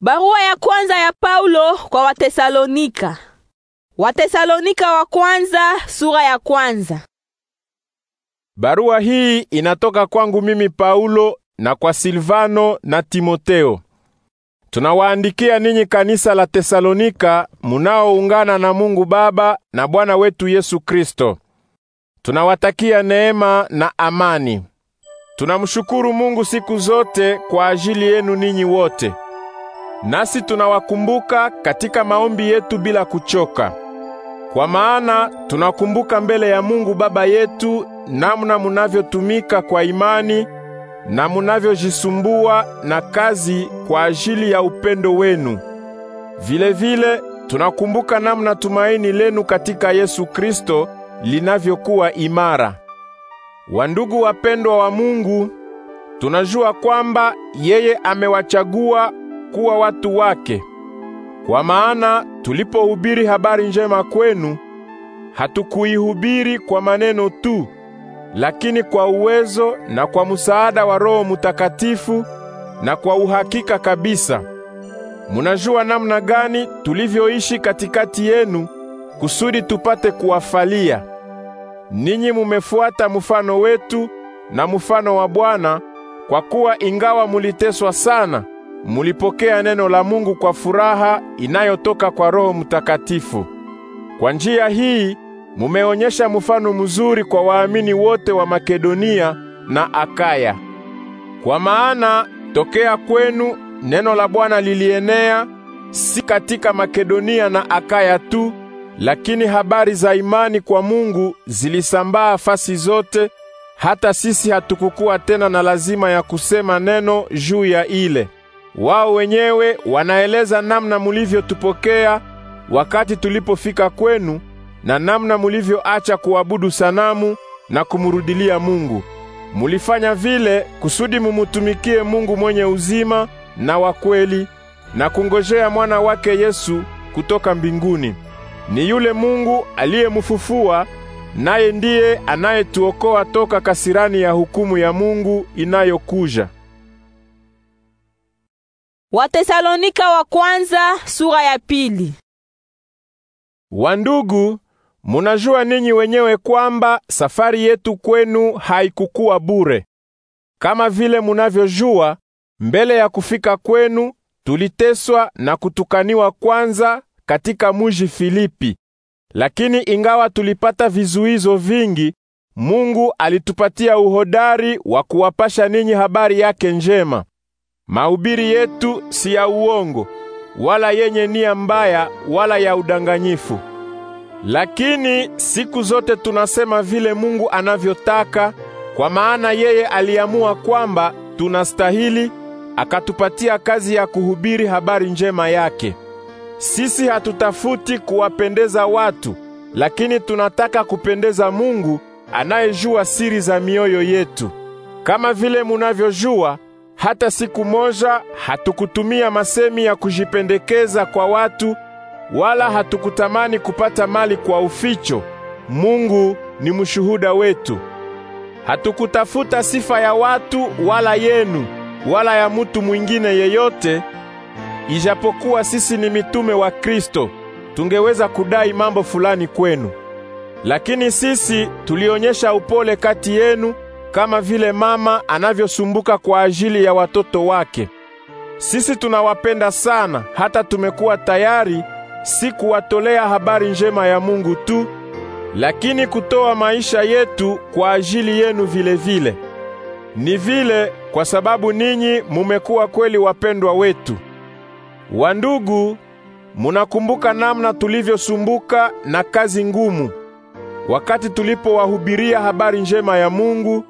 Barua ya kwanza ya Paulo kwa Watesalonika. Watesalonika wa kwanza sura ya kwanza. Barua hii inatoka kwangu mimi Paulo na kwa Silvano na Timoteo. Tunawaandikia ninyi kanisa la Tesalonika munaoungana na Mungu Baba na Bwana wetu Yesu Kristo. Tunawatakia neema na amani. Tunamshukuru Mungu siku zote kwa ajili yenu ninyi wote nasi tunawakumbuka katika maombi yetu bila kuchoka, kwa maana tunakumbuka mbele ya Mungu Baba yetu namna munavyotumika kwa imani na munavyojisumbua na kazi kwa ajili ya upendo wenu. vile vile tunakumbuka namna tumaini lenu katika Yesu Kristo linavyokuwa imara. Wandugu wapendwa wa Mungu, tunajua kwamba yeye amewachagua kuwa watu wake. Kwa maana tulipohubiri habari njema kwenu, hatukuihubiri kwa maneno tu, lakini kwa uwezo na kwa msaada wa Roho Mutakatifu na kwa uhakika kabisa. Munajua namna gani tulivyoishi katikati yenu kusudi tupate kuwafalia. Ninyi mumefuata mfano wetu na mfano wa Bwana kwa kuwa ingawa muliteswa sana mulipokea neno la Mungu kwa furaha inayotoka kwa Roho Mtakatifu. Kwa njia hii mumeonyesha mfano mzuri kwa waamini wote wa Makedonia na Akaya. Kwa maana tokea kwenu neno la Bwana lilienea si katika Makedonia na Akaya tu, lakini habari za imani kwa Mungu zilisambaa fasi zote, hata sisi hatukukuwa tena na lazima ya kusema neno juu ya ile. Wao wenyewe wanaeleza namna mulivyotupokea wakati tulipofika kwenu na namna mulivyoacha kuabudu sanamu na kumurudilia Mungu. Mulifanya vile kusudi mumutumikie Mungu mwenye uzima na wa kweli na kungojea mwana wake Yesu kutoka mbinguni. Ni yule Mungu aliyemufufua, naye ndiye anayetuokoa toka kasirani ya hukumu ya Mungu inayokuja. Watesalonika wa kwanza sura ya pili. Wandugu, munajua ninyi wenyewe kwamba safari yetu kwenu haikukuwa bure. Kama vile munavyojua, mbele ya kufika kwenu tuliteswa na kutukaniwa kwanza katika muji Filipi. Lakini ingawa tulipata vizuizo vingi, Mungu alitupatia uhodari wa kuwapasha ninyi habari yake njema. Mahubiri yetu si ya uongo wala yenye nia mbaya wala ya udanganyifu, lakini siku zote tunasema vile Mungu anavyotaka, kwa maana yeye aliamua kwamba tunastahili, akatupatia kazi ya kuhubiri habari njema yake. Sisi hatutafuti kuwapendeza watu, lakini tunataka kupendeza Mungu anayejua siri za mioyo yetu. Kama vile munavyojua hata siku moja hatukutumia masemi ya kujipendekeza kwa watu, wala hatukutamani kupata mali kwa uficho. Mungu ni mshuhuda wetu. Hatukutafuta sifa ya watu wala yenu wala ya mutu mwingine yeyote, ijapokuwa sisi ni mitume wa Kristo tungeweza kudai mambo fulani kwenu. Lakini sisi tulionyesha upole kati yenu kama vile mama anavyosumbuka kwa ajili ya watoto wake. Sisi tunawapenda sana hata tumekuwa tayari si kuwatolea habari njema ya Mungu tu, lakini kutoa maisha yetu kwa ajili yenu vile vile. Ni vile kwa sababu ninyi mumekuwa kweli wapendwa wetu. Wandugu, munakumbuka namna tulivyosumbuka na kazi ngumu wakati tulipowahubiria habari njema ya Mungu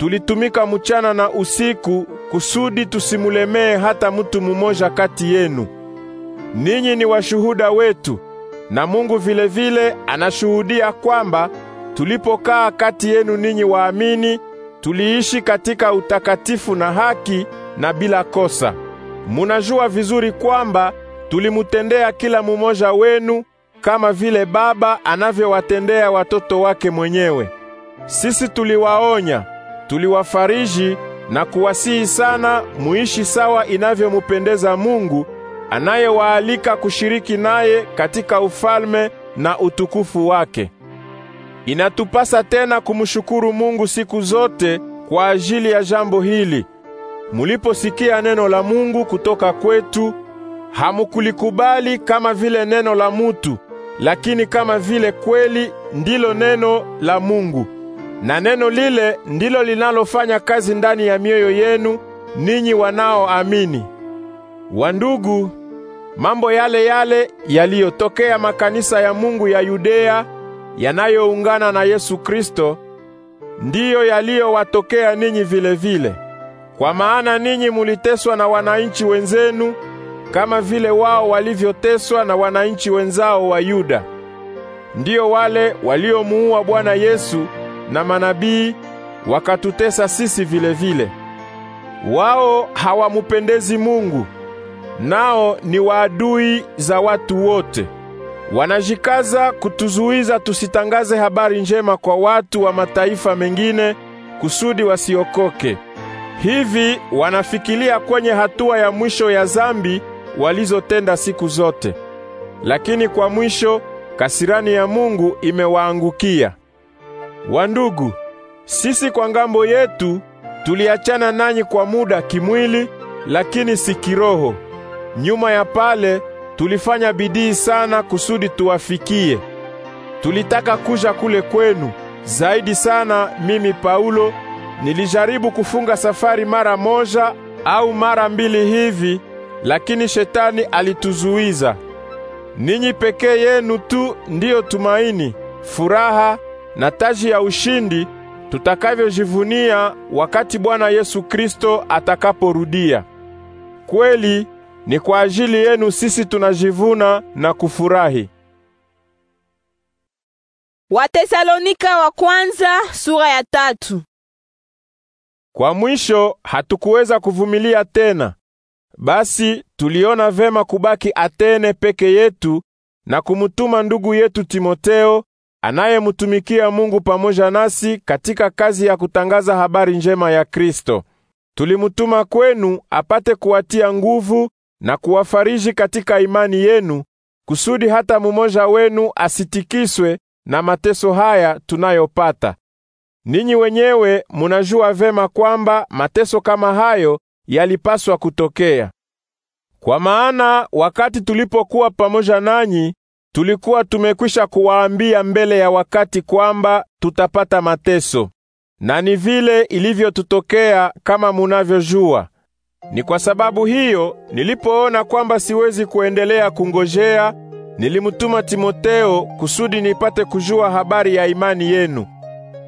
Tulitumika mchana na usiku kusudi tusimulemee hata mtu mumoja kati yenu. Ninyi ni washuhuda wetu na Mungu vile vile anashuhudia kwamba tulipokaa kati yenu ninyi waamini, tuliishi katika utakatifu na haki na bila kosa. Munajua vizuri kwamba tulimutendea kila mumoja wenu kama vile baba anavyowatendea watoto wake mwenyewe. Sisi tuliwaonya tuliwafariji na kuwasihi sana muishi sawa inavyomupendeza Mungu anayewaalika kushiriki naye katika ufalme na utukufu wake. Inatupasa tena kumshukuru Mungu siku zote kwa ajili ya jambo hili. Muliposikia neno la Mungu kutoka kwetu, hamukulikubali kama vile neno la mutu, lakini kama vile kweli ndilo neno la Mungu na neno lile ndilo linalofanya kazi ndani ya mioyo yenu ninyi wanaoamini. Wandugu, mambo yale yale yaliyotokea makanisa ya Mungu ya Yudea yanayoungana na Yesu Kristo ndiyo yaliyowatokea ninyi vile vile. Kwa maana ninyi muliteswa na wananchi wenzenu kama vile wao walivyoteswa na wananchi wenzao wa Yuda, ndiyo wale waliomuua Bwana Yesu na manabii wakatutesa sisi vile vile. Wao hawamupendezi Mungu, nao ni waadui za watu wote. Wanajikaza kutuzuiza tusitangaze habari njema kwa watu wa mataifa mengine kusudi wasiokoke. Hivi wanafikilia kwenye hatua ya mwisho ya zambi walizotenda siku zote. Lakini kwa mwisho kasirani ya Mungu imewaangukia. Wandugu, sisi kwa ngambo yetu tuliachana nanyi kwa muda kimwili, lakini si kiroho. Nyuma ya pale tulifanya bidii sana kusudi tuwafikie. Tulitaka kuja kule kwenu zaidi sana. Mimi Paulo nilijaribu kufunga safari mara moja au mara mbili hivi, lakini shetani alituzuiza. Ninyi pekee yenu tu ndiyo tumaini, furaha na taji ya ushindi tutakavyojivunia wakati Bwana Yesu Kristo atakaporudia. Kweli ni kwa ajili yenu sisi tunajivuna na kufurahi. Watesalonika wa kwanza sura ya tatu. Kwa mwisho hatukuweza kuvumilia tena. Basi tuliona vema kubaki Atene peke yetu na kumutuma ndugu yetu Timoteo anayemtumikia Mungu pamoja nasi katika kazi ya kutangaza habari njema ya Kristo. Tulimutuma kwenu apate kuwatia nguvu na kuwafariji katika imani yenu, kusudi hata mumoja wenu asitikiswe na mateso haya tunayopata. Ninyi wenyewe munajua vema kwamba mateso kama hayo yalipaswa kutokea. Kwa maana wakati tulipokuwa pamoja nanyi Tulikuwa tumekwisha kuwaambia mbele ya wakati kwamba tutapata mateso, na ni vile ilivyotutokea kama munavyojua. Ni kwa sababu hiyo, nilipoona kwamba siwezi kuendelea kungojea, nilimtuma Timoteo kusudi nipate kujua habari ya imani yenu.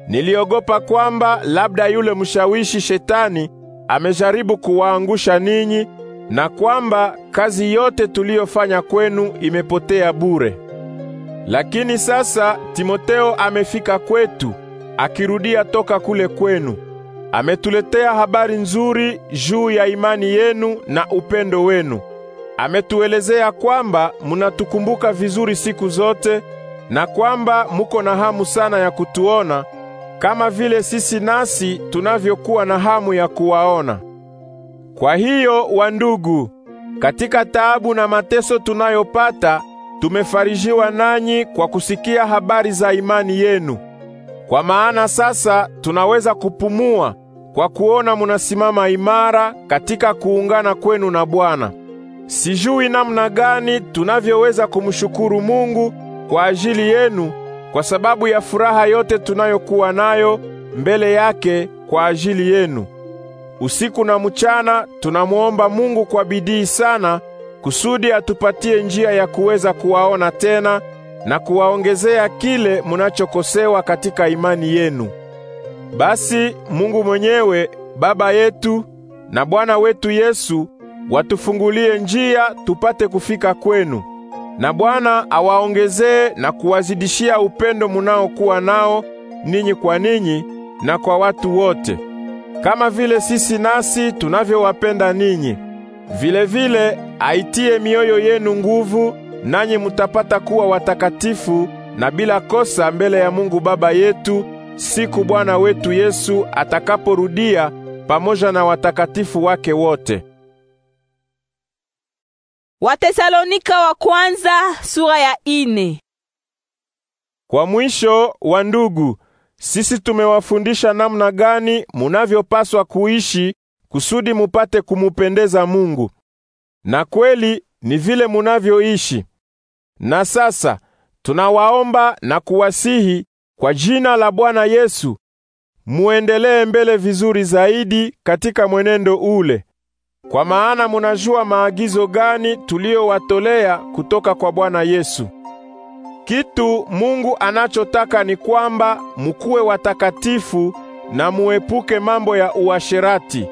Niliogopa kwamba labda yule mshawishi shetani amejaribu kuwaangusha ninyi na kwamba kazi yote tuliyofanya kwenu imepotea bure. Lakini sasa Timoteo amefika kwetu akirudia toka kule kwenu. Ametuletea habari nzuri juu ya imani yenu na upendo wenu. Ametuelezea kwamba munatukumbuka vizuri siku zote na kwamba muko na hamu sana ya kutuona kama vile sisi nasi tunavyokuwa na hamu ya kuwaona. Kwa hiyo wandugu, katika taabu na mateso tunayopata, tumefarijiwa nanyi kwa kusikia habari za imani yenu. Kwa maana sasa tunaweza kupumua kwa kuona munasimama imara katika kuungana kwenu na Bwana. Sijui namna gani tunavyoweza kumshukuru Mungu kwa ajili yenu kwa sababu ya furaha yote tunayokuwa nayo mbele yake kwa ajili yenu. Usiku na mchana tunamwomba Mungu kwa bidii sana kusudi atupatie njia ya kuweza kuwaona tena na kuwaongezea kile munachokosewa katika imani yenu. Basi Mungu mwenyewe Baba yetu na Bwana wetu Yesu watufungulie njia tupate kufika kwenu. Na Bwana awaongezee na kuwazidishia upendo munaokuwa nao ninyi kwa ninyi na kwa watu wote kama vile sisi nasi tunavyowapenda ninyi. Vilevile aitie mioyo yenu nguvu, nanyi mutapata kuwa watakatifu na bila kosa mbele ya Mungu Baba yetu siku Bwana wetu Yesu atakaporudia pamoja na watakatifu wake wote. Watesalonika wa kwanza sura ya ine. Kwa mwisho wa ndugu sisi tumewafundisha namna gani munavyopaswa kuishi kusudi mupate kumupendeza Mungu. Na kweli ni vile munavyoishi. Na sasa tunawaomba na kuwasihi kwa jina la Bwana Yesu muendelee mbele vizuri zaidi katika mwenendo ule, kwa maana munajua maagizo gani tuliyowatolea kutoka kwa Bwana Yesu. Kitu Mungu anachotaka ni kwamba mukuwe watakatifu na muepuke mambo ya uasherati.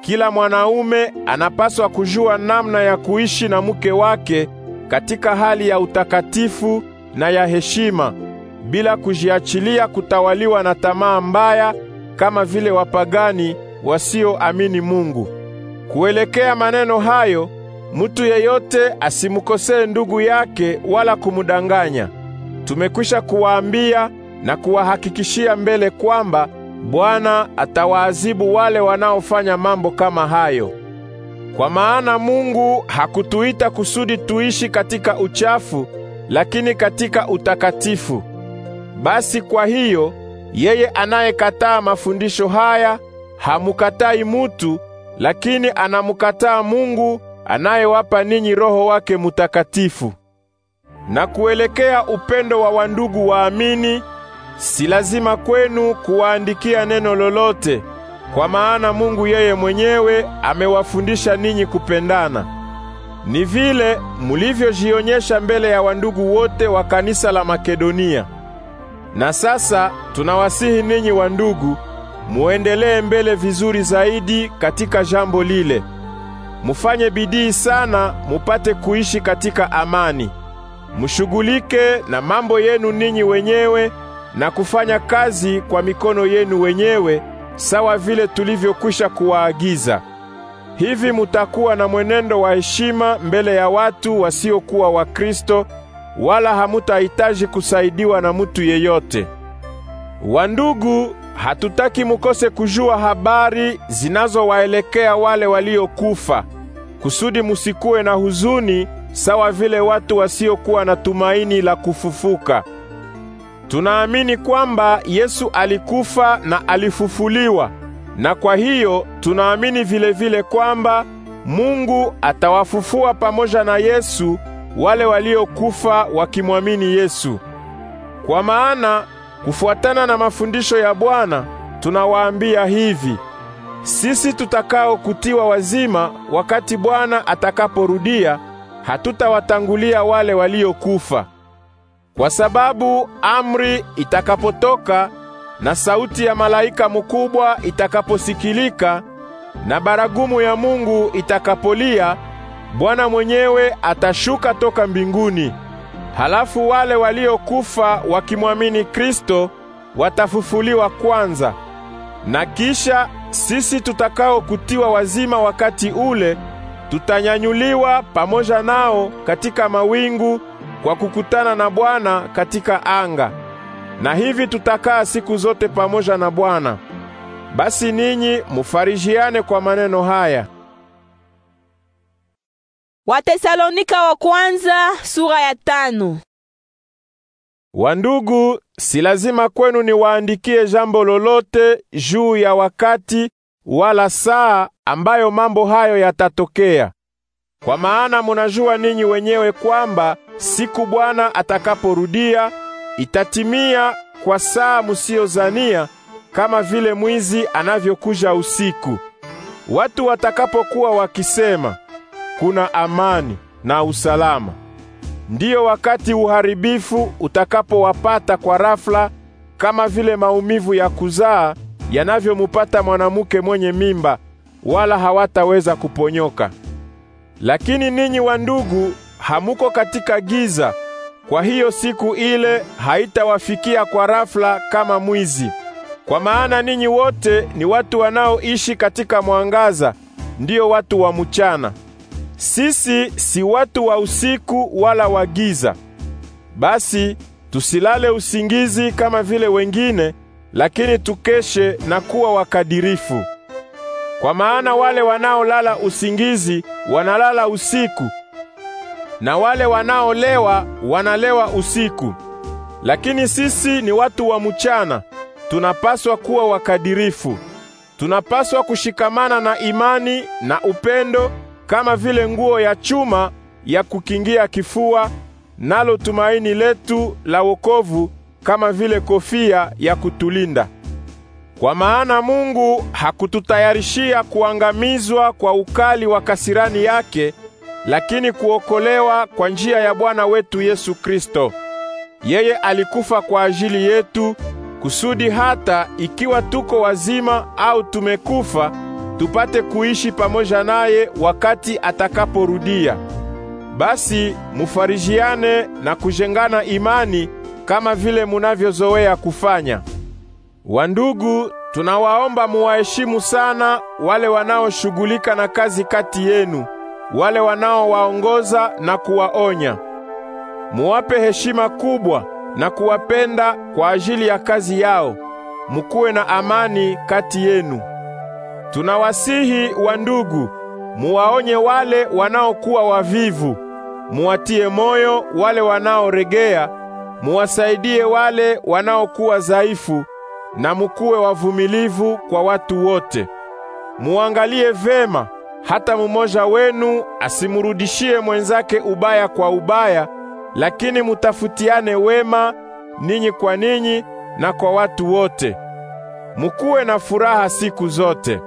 Kila mwanaume anapaswa kujua namna ya kuishi na mke wake katika hali ya utakatifu na ya heshima bila kujiachilia kutawaliwa na tamaa mbaya kama vile wapagani wasioamini Mungu. Kuelekea maneno hayo Mutu yeyote asimukosee ndugu yake wala kumudanganya. Tumekwisha kuwaambia na kuwahakikishia mbele kwamba Bwana atawaadhibu wale wanaofanya mambo kama hayo. Kwa maana Mungu hakutuita kusudi tuishi katika uchafu, lakini katika utakatifu. Basi kwa hiyo yeye anayekataa mafundisho haya hamukatai mutu, lakini anamukataa Mungu anayewapa ninyi Roho wake Mutakatifu. Na kuelekea upendo wa wandugu waamini, si lazima kwenu kuwaandikia neno lolote, kwa maana Mungu yeye mwenyewe amewafundisha ninyi kupendana. Ni vile mulivyojionyesha mbele ya wandugu wote wa kanisa la Makedonia. Na sasa tunawasihi ninyi wandugu, muendelee mbele vizuri zaidi katika jambo lile mufanye bidii sana mupate kuishi katika amani. Mushughulike na mambo yenu ninyi wenyewe na kufanya kazi kwa mikono yenu wenyewe sawa vile tulivyokwisha kuwaagiza. Hivi mutakuwa na mwenendo wa heshima mbele ya watu wasiokuwa Wakristo wala hamutahitaji kusaidiwa na mutu yeyote. Wandugu, Hatutaki mukose kujua habari zinazowaelekea wale waliokufa, kusudi musikuwe na huzuni sawa vile watu wasiokuwa na tumaini la kufufuka. Tunaamini kwamba Yesu alikufa na alifufuliwa, na kwa hiyo tunaamini vile vile kwamba Mungu atawafufua pamoja na Yesu wale waliokufa wakimwamini Yesu. Kwa maana Kufuatana na mafundisho ya Bwana tunawaambia hivi: sisi tutakao kutiwa wazima wakati Bwana atakaporudia, hatutawatangulia wale waliokufa. Kwa sababu amri itakapotoka na sauti ya malaika mkubwa itakaposikilika na baragumu ya Mungu itakapolia, Bwana mwenyewe atashuka toka mbinguni. Halafu wale waliokufa wakimwamini Kristo watafufuliwa kwanza, na kisha sisi tutakaokutiwa wazima wakati ule tutanyanyuliwa pamoja nao katika mawingu kwa kukutana na Bwana katika anga, na hivi tutakaa siku zote pamoja na Bwana. Basi ninyi mufarijiane kwa maneno haya. Watesalonika wa kwanza sura ya tano. Wandugu, si lazima kwenu niwaandikie jambo lolote juu ya wakati wala saa ambayo mambo hayo yatatokea, kwa maana munajua ninyi wenyewe kwamba siku Bwana atakaporudia itatimia kwa saa musiyozania, kama vile mwizi anavyokuja usiku. Watu watakapokuwa wakisema kuna amani na usalama. Ndiyo wakati uharibifu utakapowapata kwa rafla, kama vile maumivu ya kuzaa yanavyomupata mwanamke mwenye mimba, wala hawataweza kuponyoka. Lakini ninyi wandugu, hamuko katika giza, kwa hiyo siku ile haitawafikia kwa rafla kama mwizi. Kwa maana ninyi wote ni watu wanaoishi katika mwangaza, ndiyo watu wa mchana. Sisi si watu wa usiku wala wa giza. Basi tusilale usingizi kama vile wengine, lakini tukeshe na kuwa wakadirifu. Kwa maana wale wanaolala usingizi wanalala usiku, na wale wanaolewa wanalewa usiku. Lakini sisi ni watu wa mchana, tunapaswa kuwa wakadirifu. Tunapaswa kushikamana na imani na upendo kama vile nguo ya chuma ya kukingia kifua, nalo tumaini letu la wokovu kama vile kofia ya kutulinda. Kwa maana Mungu hakututayarishia kuangamizwa kwa ukali wa kasirani yake, lakini kuokolewa kwa njia ya Bwana wetu Yesu Kristo. Yeye alikufa kwa ajili yetu kusudi hata ikiwa tuko wazima au tumekufa tupate kuishi pamoja naye wakati atakaporudia. Basi mufarijiane na kujengana imani kama vile munavyozoea kufanya. Wandugu, tunawaomba muwaheshimu sana wale wanaoshughulika na kazi kati yenu, wale wanaowaongoza na kuwaonya. Muwape heshima kubwa na kuwapenda kwa ajili ya kazi yao. Mukuwe na amani kati yenu. Tunawasihi wandugu, muwaonye wale wanaokuwa wavivu, muwatie moyo wale wanaoregea, muwasaidie wale wanaokuwa dhaifu, na mukuwe wavumilivu kwa watu wote. Muangalie vema hata mumoja wenu asimurudishie mwenzake ubaya kwa ubaya, lakini mutafutiane wema ninyi kwa ninyi na kwa watu wote. Mukuwe na furaha siku zote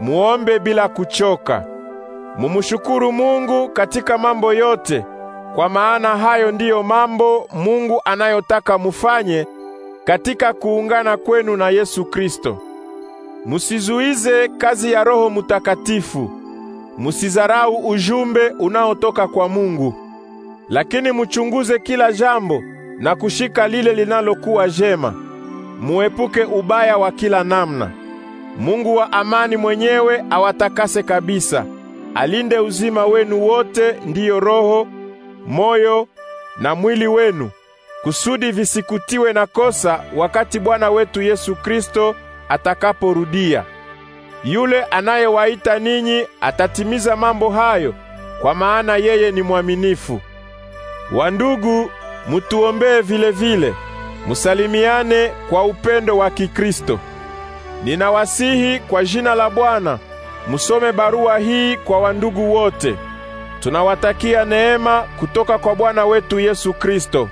muombe bila kuchoka. Mumshukuru Mungu katika mambo yote, kwa maana hayo ndiyo mambo Mungu anayotaka mufanye katika kuungana kwenu na Yesu Kristo. Musizuize kazi ya Roho Mutakatifu, musizarau ujumbe unaotoka kwa Mungu, lakini muchunguze kila jambo na kushika lile linalokuwa jema. Muepuke ubaya wa kila namna. Mungu wa amani mwenyewe awatakase kabisa. Alinde uzima wenu wote, ndiyo roho, moyo na mwili wenu, kusudi visikutiwe na kosa wakati Bwana wetu Yesu Kristo atakaporudia. Yule anayewaita ninyi atatimiza mambo hayo, kwa maana yeye ni mwaminifu. Wandugu, mutuombee vile vile. Musalimiane kwa upendo wa Kikristo. Ninawasihi kwa jina la Bwana musome barua hii kwa wandugu wote. Tunawatakia neema kutoka kwa Bwana wetu Yesu Kristo.